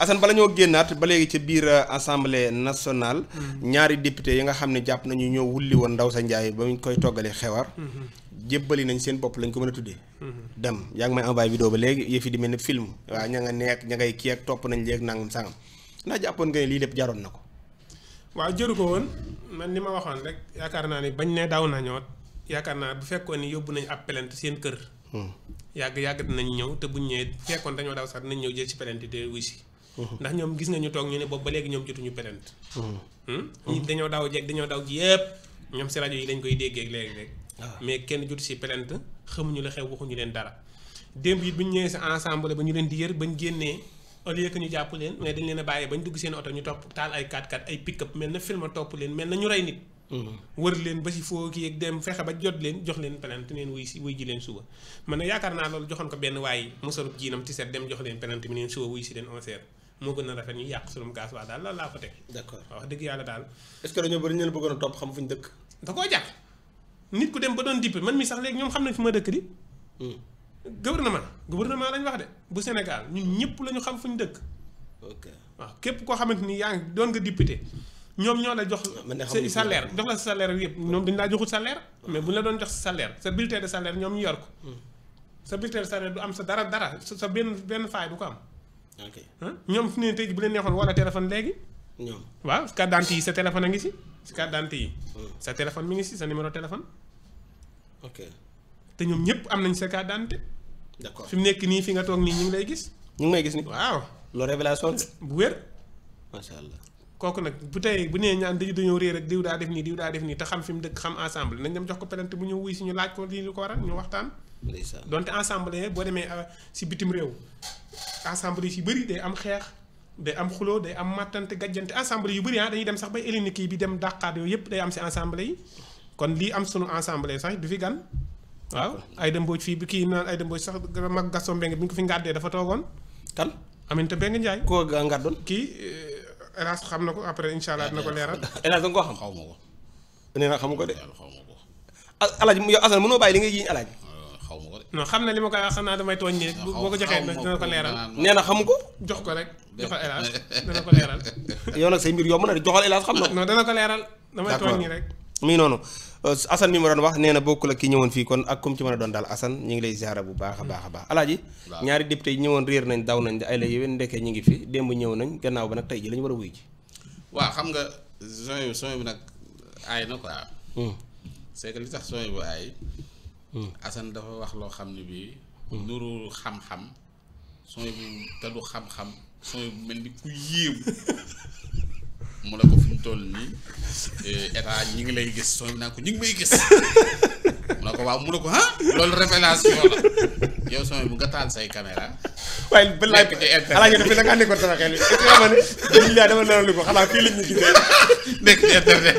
Assane bala ñoo génnaat ba léegi ca biir euh, assemblée nationale. Mm-hmm. ñaari député yi nga xam ne jàpp nañu ñoo wulli woon ndaw sa njaay ba ñu koy toggalee xewar. Mm-hmm. jébbali nañ seen bopp lañ ko mën a tuddee. Mm-hmm. dem yàgg ngi may envoyé vidéo ba léegi yëf di mel ni film waaw ña nga nekk ña ngay kii ak topp nañ léegi nangam sangam ndax jàppoon nga ne lii lépp jaroon na ko. waa jëru ko woon man li ma waxoon rek yaakaar naa ne bañ ne daw nañoo yaakaar naa bu fekkoon ni yóbbu nañ ab plainte seen kër. Hmm. yàgg yàgg dinañ ñëw te buñ ñëwee fekkoon dañoo daw sax dinañ ñëw jël ci plainte te ndax ñoom gis nga ñu toog ñu ne boobu ba léegi ñoom jotuñu plainte hmm. hmm? ñi dañoo daw jeeg dañoo daaw ji yëpp ñoom si rajo yi lañ koy déggee léegi rek ah. mais kenn jotu si plainte xamuñu la xew ñu ñëwee si ensemble ba ñu leen di yër bañ génnee au lieu que ñu jàpp leen mais dañ leen a bàyyee bañ dugg seen oto ñu topp taal ay 4 leen mel na ñu rey nit hmm. wër leen ba si foo kii ak dem fexe jox leen plainte neen wuy si wuy ji leen suba man na yaakaar naa loolu joxoon ko benn waaye mosalub jiinam ti set dem jox leen plainte mi neen suba wuy si leen onseer moo gën a rafet ñu yàq sunum gaz waa daal loolu laa ko teg. d'accord wax dëgg yàlla daal. est-ce que dañoo bëri ñu leen bëggoon a topp xam fu ñu dëkk. da koo jàpp nit ku dem ba doon dippe man mi sax léegi ñoom xam nañ fi ma dëkk di. Hmm. gouvernement gouvernement lañ wax de bu Sénégal ñun ñëpp la ñu xam fu ñu dëkk. ok waaw képp koo xamante ni yaa ngi doon nga député ñoom ñoo la jox ah, sa salaire jox la sa salaire yëpp ñoom dañu laa joxul salaire ah. mais bu ñu la doon jox sa salaire bulletin de salaire ñoom ñu ko hmm. sa bulletin de salaire du am sa dara dara sa benn benn faay bu ko am ok ñoom fi ne tey bu leen neexoon wala téléphone léegi. ñoom waaw carte d'identité yi sa téléphone a ngi si. si carte yi. Hmm. sa téléphone mi ngi si sa numéro téléphone. ok te ñoom ñëpp am nañ sa carte d'identité. d'accord fi mu nekk nii fi nga toog nii ñu ngi lay gis. ñu ngi may gis ni waaw. loo révélation bu wér. macha allah kooku nag bu tey bu nee ñaan dañu dañoo réer ak diw daa def nii diw daa def nii te xam fi mu dëkk xam ensemble nañ dem jox ko plainte bu ñu wuy si ñu laaj ko lii lu ko waral ñu waxtaan. donte ensemble boo demee a euh, si bitim réew. assemblée yu bëri day am xeex day am xuloo day am màttante gàjjante assemblée yu bëri ah dañuy dem sax ba hélénique yi bi dem dàqaat yooyu yëpp day am si assemblée yi kon lii am sunu assemblée sax du fi gan waaw Aïda Mbodj fii bi kii naan Aïda Mbodj sax mag Gaston Mbengue bi nga ko fi ngàddee dafa toogoon kan Aminata Mbengue Ndiaye koo ngàddoon kii eh, Elas xam na ko après incha allah dina ko leeral Elas da nga koo xam xaw ma ko nee na ko de alaaj ah, yow asan mënoo bàyyi li ngay yiñ alaaj xaw ma xam na li ma koy wax xanaa damay tooñ ne boo ko joxee dina ko leeral. nee na xamu ko. jox ko rek joxal El Hadj dana ko leeral. yow nag say mbir yomb na de xam na ko. ko leeral. damay tooñ nii rek. mi noonu euh, Assane mi ma wax nee na bokk la ki ñëwoon fii kon ak comme ci a doon daal Assane ñu ngi lay ziara bu baax a baax baax mm. alaaji ñaari député yi ñëwoon réer nañ daw nañ ay la yéwén ndekkee ñu ngi fi démb ñëw nañ gannaaw ba nag tey ji la ñu war a wuy ji waaw xam nga son bi son bi nag aay na ko mm. c'est que li tax son bi aay Assane dafa wax loo xam ne bii. nuru xam-xam. son bu te du xam-xam. son bu mel ni ku yéemu. mu ne ko fi toll nii eh, état ñi ngi lay gis son bi naan ko ñi ngi may gis. mu ne ko waaw mu ne ko ah loolu révélation la yow son bu nga taal say caméra waaye balaa nekk ci internet xanaa ñu ne ne. nekk internet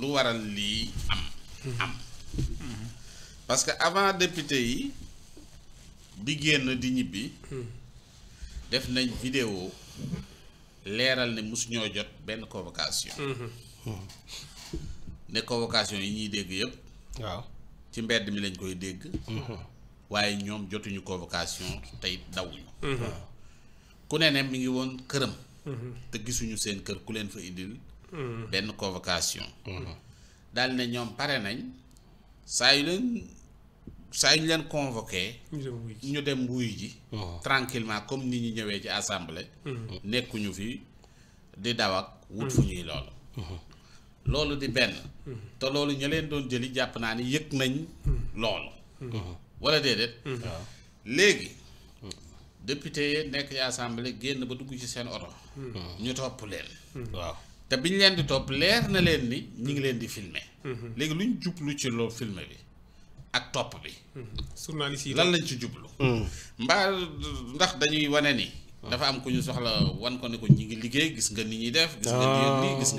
lu waral lii am hmm. am parce que avant député yi bi génn di ñibbi hmm. def nañ vidéo leeral ne mosu ñoo jot benn convocation hmm. ne convocation yi ñuy dégg yëpp waaw ci mbedd mi lañ koy dégg waaye ñoom jotuñu convocation tey dawuñu ku ne ne mi ngi woon këram te gisuñu seen kër ku leen fa indil Mm. benn convocation mm-hmm. daal ne ñoom pare nañ saa yu leen saa yu ñu leen convoqué ñu dem wuy ji mm-hmm. tranquillement comme nit ñi ñëwee ci assemblée mm-hmm. nekkuñu fi di daw ak wut fu ñuy loolu loolu di benn te loolu ñu leen doon jëli jàpp naa ni yëg nañ loolu wala déedéet ah. léegi député nekk ci assemblée génn ba dugg ci seen oto ñu topp leen waaw te bi ñu leen di topp leer na leen ni ñu ngi leen di filmer mhm. léegi lu ñu jublu ci loolu filmer bi ak topp bi mhm. lan lañ ci jublu mhm. mbaa ndax dañuy wane ni ah. dafa am ku ñu soxla wan ko ne ko ñi ngi liggéey gis nga ni ñuy def gis nga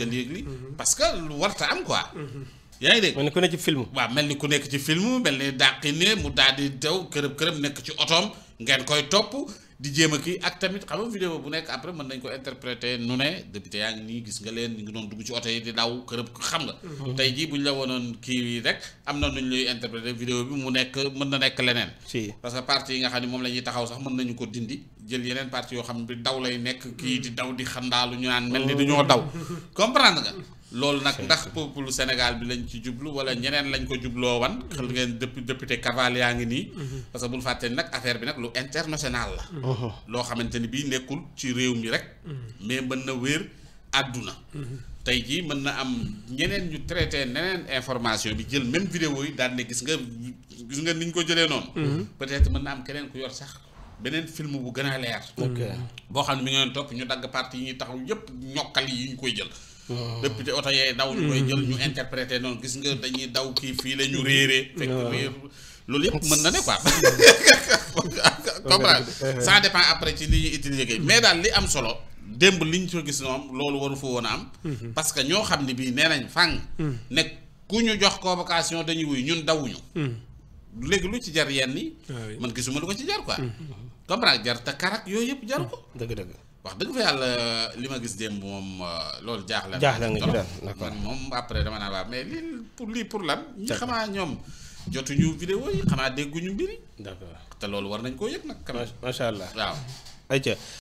li léeg ah. li parce que lu warta am ko yaa ngi dégg mel ni ku nekk ci film waaw mel ni ku nekk ci film mel ni dàqi ne mu daal di tew kërëb kërëb nekk ci otoom ngeen koy topp di jéem a kii ak tamit xam nga vidéo bu nekk après mën nañ ko interpréter nu ne député yaa ngi nii gis nga leen ñu ngi doon dugg ci oto yi di daw kërëb xam nga mhm. tey jii bu ñu la wonoon kii yi rek am na nuñ lay interpréter vidéo bi mu nekk mën na nekk leneen parce que parti yi nga xam ne moom la ñuy taxaw sax mën nañu ko dindi jël yeneen parti yoo xam ne daw lay nekk kii di daw di xandaalu ñu naan mel ni dañoo daw mhm. comprendre nga loolu nag ndax lu Sénégal bi lañ ci jublu wala ñeneen lañ ko jubloo wan. xel ngeen député député yaa ngi nii. Mhm. parce que bul fàtte nag affaire bi nag lu international la. Mhm. loo xamante ni bii nekkul ci réew mi rek. Mhm. mais mën na wér àdduna. tey jii mën na am ñeneen ñu traité neneen information bi jël même vidéo yi daal ne gis nga gis nga niñ ko jëlee noonu. peut-être mën na am keneen ku yor sax. beneen film bu gën a leer. boo xam ne mu ngeen topp ñu dagg parti yi ñuy taxaw yëpp ñokkal yi ñu koy jël. député oto yee daw ñu koy mm-hmm. jël ñu interprété noonu gis nga dañuy daw kii fii la ñu réeree mm-hmm. fekk loolu yëpp mën na ne quoi comprendre ça dépend après ci li ñuy utiliser mais daal li am solo démb li ñu ko gis noonu loolu waru fa woon a am mm-hmm. parce que ñoo xam ne bii nee nañ fang mm. ne ku ñu jox convocation dañuy wuy ñun dawuñu mm. léegi lu ci jar yenn yi ah man gisuma lu ko ci jar quoi mm. comprendre jar te karak yooyu yëpp jaru ko dëgg dëgg wax dëgg fa yàlla li ma gis démb moom euh, loolu jaaxle. jaaxle nga ci daal d'accord moom après dama naa baax mais lii pour lii pour lan. ñi xamaa ñoom jotuñu vidéo yi xanaa dégguñu mbiri d'accord te loolu war nañ koo yëg nag. macha allah waaw. ayca